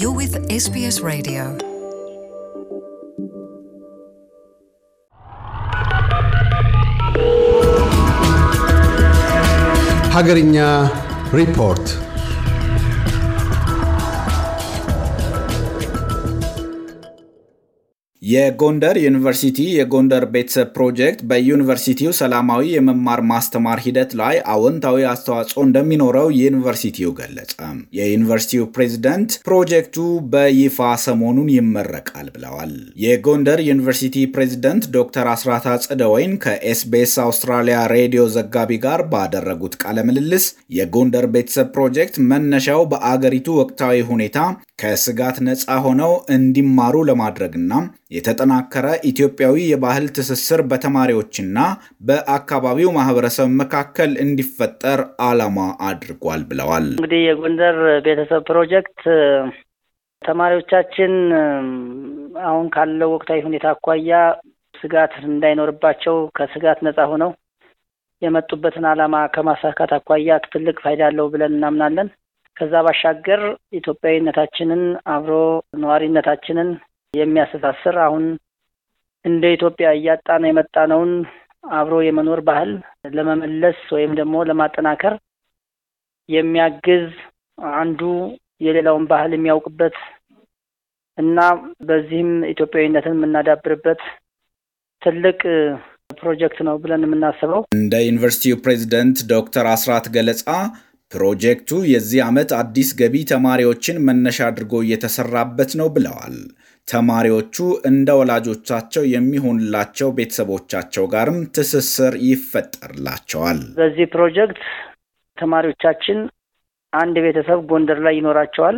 You're with SBS Radio. Hagarinya Report. የጎንደር ዩኒቨርሲቲ የጎንደር ቤተሰብ ፕሮጀክት በዩኒቨርሲቲው ሰላማዊ የመማር ማስተማር ሂደት ላይ አዎንታዊ አስተዋጽኦ እንደሚኖረው ዩኒቨርሲቲው ገለጸ። የዩኒቨርሲቲው ፕሬዝደንት ፕሮጀክቱ በይፋ ሰሞኑን ይመረቃል ብለዋል። የጎንደር ዩኒቨርሲቲ ፕሬዝደንት ዶክተር አስራት አጽደወይን ከኤስቢኤስ አውስትራሊያ ሬዲዮ ዘጋቢ ጋር ባደረጉት ቃለ ምልልስ የጎንደር ቤተሰብ ፕሮጀክት መነሻው በአገሪቱ ወቅታዊ ሁኔታ ከስጋት ነፃ ሆነው እንዲማሩ ለማድረግና የተጠናከረ ኢትዮጵያዊ የባህል ትስስር በተማሪዎችና በአካባቢው ማህበረሰብ መካከል እንዲፈጠር ዓላማ አድርጓል ብለዋል። እንግዲህ የጎንደር ቤተሰብ ፕሮጀክት ተማሪዎቻችን አሁን ካለው ወቅታዊ ሁኔታ አኳያ ስጋት እንዳይኖርባቸው ከስጋት ነጻ ሆነው የመጡበትን ዓላማ ከማሳካት አኳያ ትልቅ ፋይዳ አለው ብለን እናምናለን። ከዛ ባሻገር ኢትዮጵያዊነታችንን አብሮ ነዋሪነታችንን የሚያስተሳስር አሁን እንደ ኢትዮጵያ እያጣን የመጣነውን አብሮ የመኖር ባህል ለመመለስ ወይም ደግሞ ለማጠናከር የሚያግዝ አንዱ የሌላውን ባህል የሚያውቅበት እና በዚህም ኢትዮጵያዊነትን የምናዳብርበት ትልቅ ፕሮጀክት ነው ብለን የምናስበው። እንደ ዩኒቨርሲቲው ፕሬዚደንት ዶክተር አስራት ገለጻ ፕሮጀክቱ የዚህ ዓመት አዲስ ገቢ ተማሪዎችን መነሻ አድርጎ እየተሰራበት ነው ብለዋል። ተማሪዎቹ እንደ ወላጆቻቸው የሚሆንላቸው ቤተሰቦቻቸው ጋርም ትስስር ይፈጠርላቸዋል። በዚህ ፕሮጀክት ተማሪዎቻችን አንድ ቤተሰብ ጎንደር ላይ ይኖራቸዋል።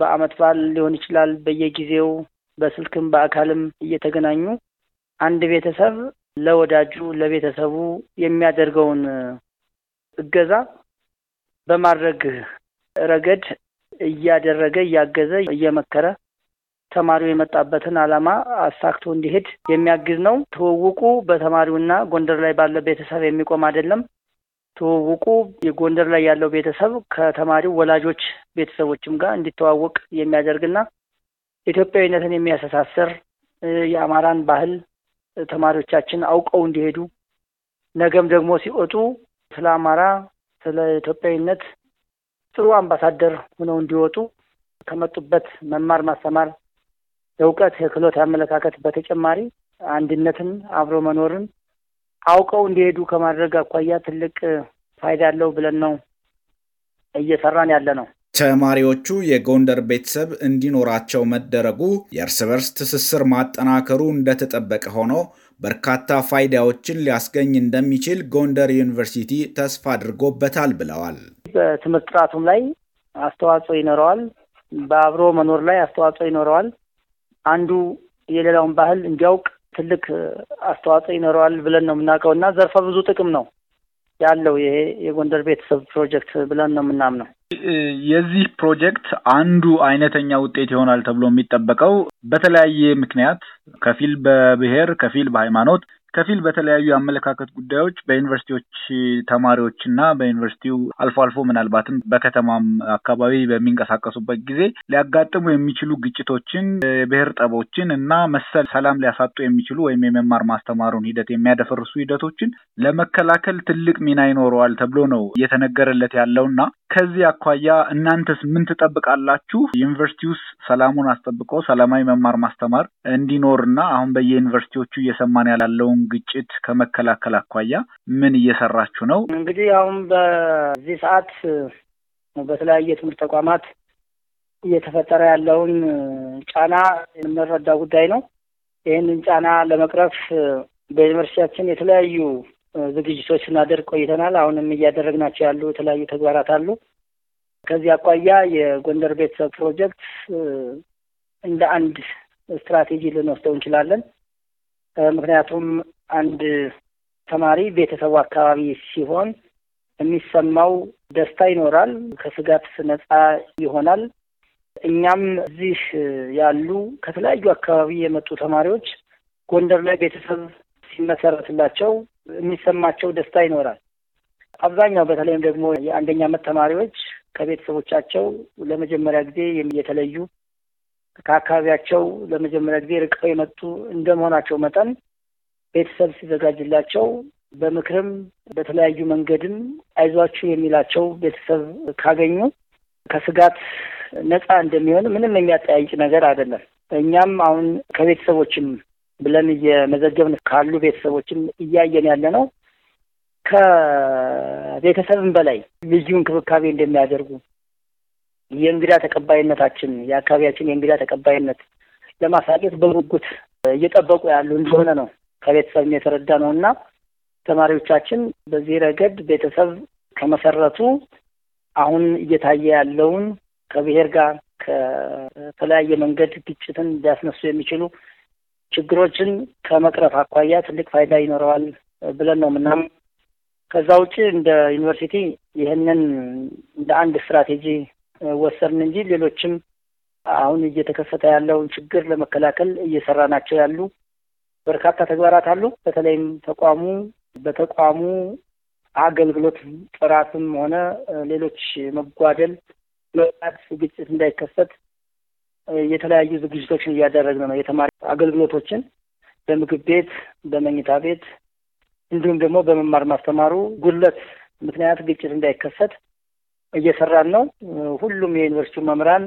በዓመት በዓል ሊሆን ይችላል። በየጊዜው በስልክም በአካልም እየተገናኙ አንድ ቤተሰብ ለወዳጁ ለቤተሰቡ የሚያደርገውን እገዛ በማድረግ ረገድ እያደረገ እያገዘ እየመከረ ተማሪው የመጣበትን ዓላማ አሳክቶ እንዲሄድ የሚያግዝ ነው። ትውውቁ በተማሪውና ጎንደር ላይ ባለ ቤተሰብ የሚቆም አይደለም። ትውውቁ የጎንደር ላይ ያለው ቤተሰብ ከተማሪው ወላጆች ቤተሰቦችም ጋር እንዲተዋወቅ የሚያደርግና ኢትዮጵያዊነትን የሚያስተሳስር የአማራን ባህል ተማሪዎቻችን አውቀው እንዲሄዱ ነገም ደግሞ ሲወጡ ስለ አማራ፣ ስለ ኢትዮጵያዊነት ጥሩ አምባሳደር ሆነው እንዲወጡ ከመጡበት መማር ማስተማር እውቀት፣ ክህሎት፣ አመለካከት በተጨማሪ አንድነትን፣ አብሮ መኖርን አውቀው እንዲሄዱ ከማድረግ አኳያ ትልቅ ፋይዳ አለው ብለን ነው እየሰራን ያለ ነው። ተማሪዎቹ የጎንደር ቤተሰብ እንዲኖራቸው መደረጉ የእርስ በርስ ትስስር ማጠናከሩ እንደተጠበቀ ሆኖ በርካታ ፋይዳዎችን ሊያስገኝ እንደሚችል ጎንደር ዩኒቨርሲቲ ተስፋ አድርጎበታል ብለዋል። በትምህርት ጥራቱም ላይ አስተዋጽኦ ይኖረዋል። በአብሮ መኖር ላይ አስተዋጽኦ ይኖረዋል። አንዱ የሌላውን ባህል እንዲያውቅ ትልቅ አስተዋጽኦ ይኖረዋል ብለን ነው የምናውቀው እና ዘርፈ ብዙ ጥቅም ነው ያለው ይሄ የጎንደር ቤተሰብ ፕሮጀክት ብለን ነው የምናምነው። የዚህ ፕሮጀክት አንዱ አይነተኛ ውጤት ይሆናል ተብሎ የሚጠበቀው በተለያየ ምክንያት ከፊል በብሔር ከፊል በሃይማኖት ከፊል በተለያዩ የአመለካከት ጉዳዮች በዩኒቨርሲቲዎች ተማሪዎች እና በዩኒቨርሲቲው አልፎ አልፎ ምናልባትም በከተማም አካባቢ በሚንቀሳቀሱበት ጊዜ ሊያጋጥሙ የሚችሉ ግጭቶችን፣ የብሔር ጠቦችን እና መሰል ሰላም ሊያሳጡ የሚችሉ ወይም የመማር ማስተማሩን ሂደት የሚያደፈርሱ ሂደቶችን ለመከላከል ትልቅ ሚና ይኖረዋል ተብሎ ነው እየተነገረለት ያለው እና ከዚህ አኳያ እናንተስ ምን ትጠብቃላችሁ? ዩኒቨርሲቲ ውስጥ ሰላሙን አስጠብቆ ሰላማዊ መማር ማስተማር እንዲኖር እና አሁን በየዩኒቨርሲቲዎቹ እየሰማን ያላለውን ያለውን ግጭት ከመከላከል አኳያ ምን እየሰራችሁ ነው? እንግዲህ አሁን በዚህ ሰዓት በተለያየ የትምህርት ተቋማት እየተፈጠረ ያለውን ጫና የምንረዳ ጉዳይ ነው። ይህንን ጫና ለመቅረፍ በዩኒቨርሲቲያችን የተለያዩ ዝግጅቶች ስናደርግ ቆይተናል። አሁንም እያደረግናቸው ያሉ የተለያዩ ተግባራት አሉ። ከዚህ አኳያ የጎንደር ቤተሰብ ፕሮጀክት እንደ አንድ ስትራቴጂ ልንወስደው እንችላለን። ምክንያቱም አንድ ተማሪ ቤተሰቡ አካባቢ ሲሆን የሚሰማው ደስታ ይኖራል፣ ከስጋት ነጻ ይሆናል። እኛም እዚህ ያሉ ከተለያዩ አካባቢ የመጡ ተማሪዎች ጎንደር ላይ ቤተሰብ ሲመሰረትላቸው የሚሰማቸው ደስታ ይኖራል። አብዛኛው በተለይም ደግሞ የአንደኛ ዓመት ተማሪዎች ከቤተሰቦቻቸው ለመጀመሪያ ጊዜ የተለዩ ከአካባቢያቸው ለመጀመሪያ ጊዜ ርቀው የመጡ እንደመሆናቸው መጠን ቤተሰብ ሲዘጋጅላቸው በምክርም በተለያዩ መንገድም አይዟችሁ የሚላቸው ቤተሰብ ካገኙ ከስጋት ነፃ እንደሚሆን ምንም የሚያጠያይቅ ነገር አይደለም። እኛም አሁን ከቤተሰቦችም ብለን እየመዘገብን ካሉ ቤተሰቦችም እያየን ያለ ነው። ከቤተሰብም በላይ ልዩ እንክብካቤ እንደሚያደርጉ የእንግዳ ተቀባይነታችን የአካባቢያችን የእንግዳ ተቀባይነት ለማሳየት በጉጉት እየጠበቁ ያሉ እንደሆነ ነው ከቤተሰብም የተረዳ ነው እና ተማሪዎቻችን በዚህ ረገድ ቤተሰብ ከመሰረቱ አሁን እየታየ ያለውን ከብሔር ጋር ከተለያየ መንገድ ግጭትን ሊያስነሱ የሚችሉ ችግሮችን ከመቅረፍ አኳያ ትልቅ ፋይዳ ይኖረዋል ብለን ነው ምናምን። ከዛ ውጭ እንደ ዩኒቨርሲቲ ይህንን እንደ አንድ ስትራቴጂ ወሰን እንጂ ሌሎችም አሁን እየተከሰተ ያለውን ችግር ለመከላከል እየሰራ ናቸው ያሉ በርካታ ተግባራት አሉ። በተለይም ተቋሙ በተቋሙ አገልግሎት ጥራትም ሆነ ሌሎች መጓደል መጣት፣ ግጭት እንዳይከሰት የተለያዩ ዝግጅቶችን እያደረግን ነው። የተማሪ አገልግሎቶችን በምግብ ቤት፣ በመኝታ ቤት እንዲሁም ደግሞ በመማር ማስተማሩ ጉድለት ምክንያት ግጭት እንዳይከሰት እየሰራን ነው። ሁሉም የዩኒቨርሲቲው መምህራን፣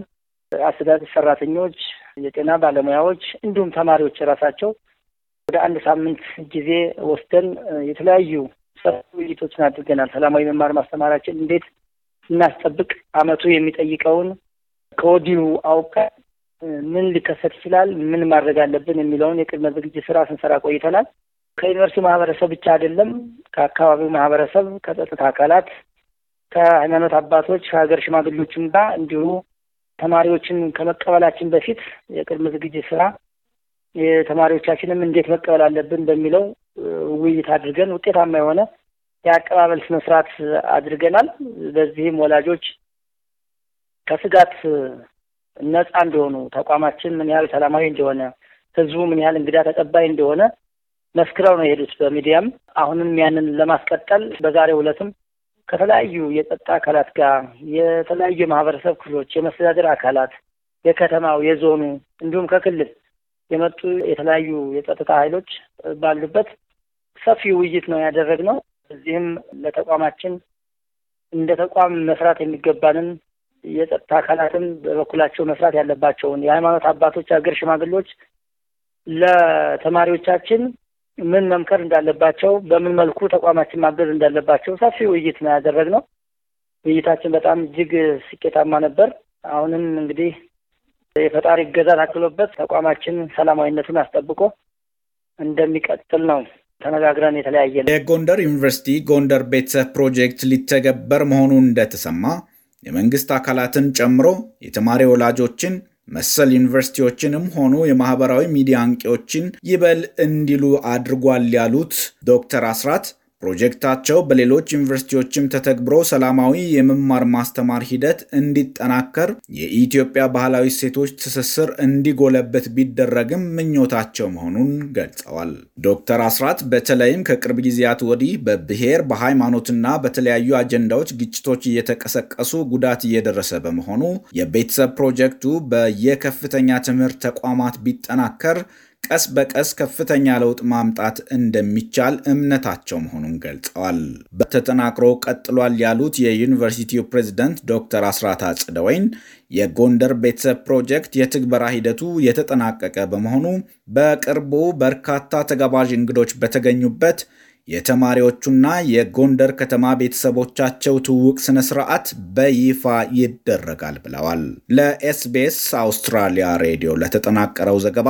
አስተዳደር ሰራተኞች፣ የጤና ባለሙያዎች እንዲሁም ተማሪዎች ራሳቸው ወደ አንድ ሳምንት ጊዜ ወስደን የተለያዩ ውይይቶችን አድርገናል። ሰላማዊ መማር ማስተማራችን እንዴት እናስጠብቅ፣ አመቱ የሚጠይቀውን ከወዲሁ አውቀን ምን ሊከሰት ይችላል፣ ምን ማድረግ አለብን የሚለውን የቅድመ ዝግጅት ስራ ስንሰራ ቆይተናል። ከዩኒቨርሲቲ ማህበረሰብ ብቻ አይደለም፣ ከአካባቢው ማህበረሰብ፣ ከጸጥታ አካላት ከሃይማኖት አባቶች ከሀገር ሽማግሌዎችም ጋር እንዲሁ ተማሪዎችን ከመቀበላችን በፊት የቅድመ ዝግጅት ስራ የተማሪዎቻችንም እንዴት መቀበል አለብን በሚለው ውይይት አድርገን ውጤታማ የሆነ የአቀባበል ስነ ስርዓት አድርገናል። በዚህም ወላጆች ከስጋት ነጻ እንደሆኑ፣ ተቋማችን ምን ያህል ሰላማዊ እንደሆነ፣ ህዝቡ ምን ያህል እንግዳ ተቀባይ እንደሆነ መስክረው ነው የሄዱት። በሚዲያም አሁንም ያንን ለማስቀጠል በዛሬው ዕለትም ከተለያዩ የጸጥታ አካላት ጋር የተለያዩ የማህበረሰብ ክፍሎች፣ የመስተዳደር አካላት፣ የከተማው፣ የዞኑ እንዲሁም ከክልል የመጡ የተለያዩ የጸጥታ ኃይሎች ባሉበት ሰፊ ውይይት ነው ያደረግነው። እዚህም ለተቋማችን እንደ ተቋም መስራት የሚገባንን የጸጥታ አካላትም በበኩላቸው መስራት ያለባቸውን የሃይማኖት አባቶች፣ አገር ሽማግሌዎች ለተማሪዎቻችን ምን መምከር እንዳለባቸው፣ በምን መልኩ ተቋማችን ማገዝ እንዳለባቸው ሰፊ ውይይት ነው ያደረግነው። ውይይታችን በጣም እጅግ ስኬታማ ነበር። አሁንም እንግዲህ የፈጣሪ እገዛ ታክሎበት ተቋማችን ሰላማዊነቱን አስጠብቆ እንደሚቀጥል ነው ተነጋግረን የተለያየ ነው። የጎንደር ዩኒቨርሲቲ ጎንደር ቤተሰብ ፕሮጀክት ሊተገበር መሆኑን እንደተሰማ የመንግስት አካላትን ጨምሮ የተማሪ ወላጆችን መሰል ዩኒቨርሲቲዎችንም ሆኑ የማህበራዊ ሚዲያ አንቂዎችን ይበል እንዲሉ አድርጓል ያሉት ዶክተር አስራት ፕሮጀክታቸው በሌሎች ዩኒቨርሲቲዎችም ተተግብሮ ሰላማዊ የመማር ማስተማር ሂደት እንዲጠናከር የኢትዮጵያ ባህላዊ እሴቶች ትስስር እንዲጎለበት ቢደረግም ምኞታቸው መሆኑን ገልጸዋል። ዶክተር አስራት በተለይም ከቅርብ ጊዜያት ወዲህ በብሔር በሃይማኖትና በተለያዩ አጀንዳዎች ግጭቶች እየተቀሰቀሱ ጉዳት እየደረሰ በመሆኑ የቤተሰብ ፕሮጀክቱ በየከፍተኛ ትምህርት ተቋማት ቢጠናከር ቀስ በቀስ ከፍተኛ ለውጥ ማምጣት እንደሚቻል እምነታቸው መሆኑን ገልጸዋል። በተጠናክሮ ቀጥሏል ያሉት የዩኒቨርሲቲው ፕሬዝደንት ዶክተር አስራት አጽደወይን የጎንደር ቤተሰብ ፕሮጀክት የትግበራ ሂደቱ የተጠናቀቀ በመሆኑ በቅርቡ በርካታ ተጋባዥ እንግዶች በተገኙበት የተማሪዎቹና የጎንደር ከተማ ቤተሰቦቻቸው ትውውቅ ስነ ስርዓት በይፋ ይደረጋል ብለዋል። ለኤስቢኤስ አውስትራሊያ ሬዲዮ ለተጠናቀረው ዘገባ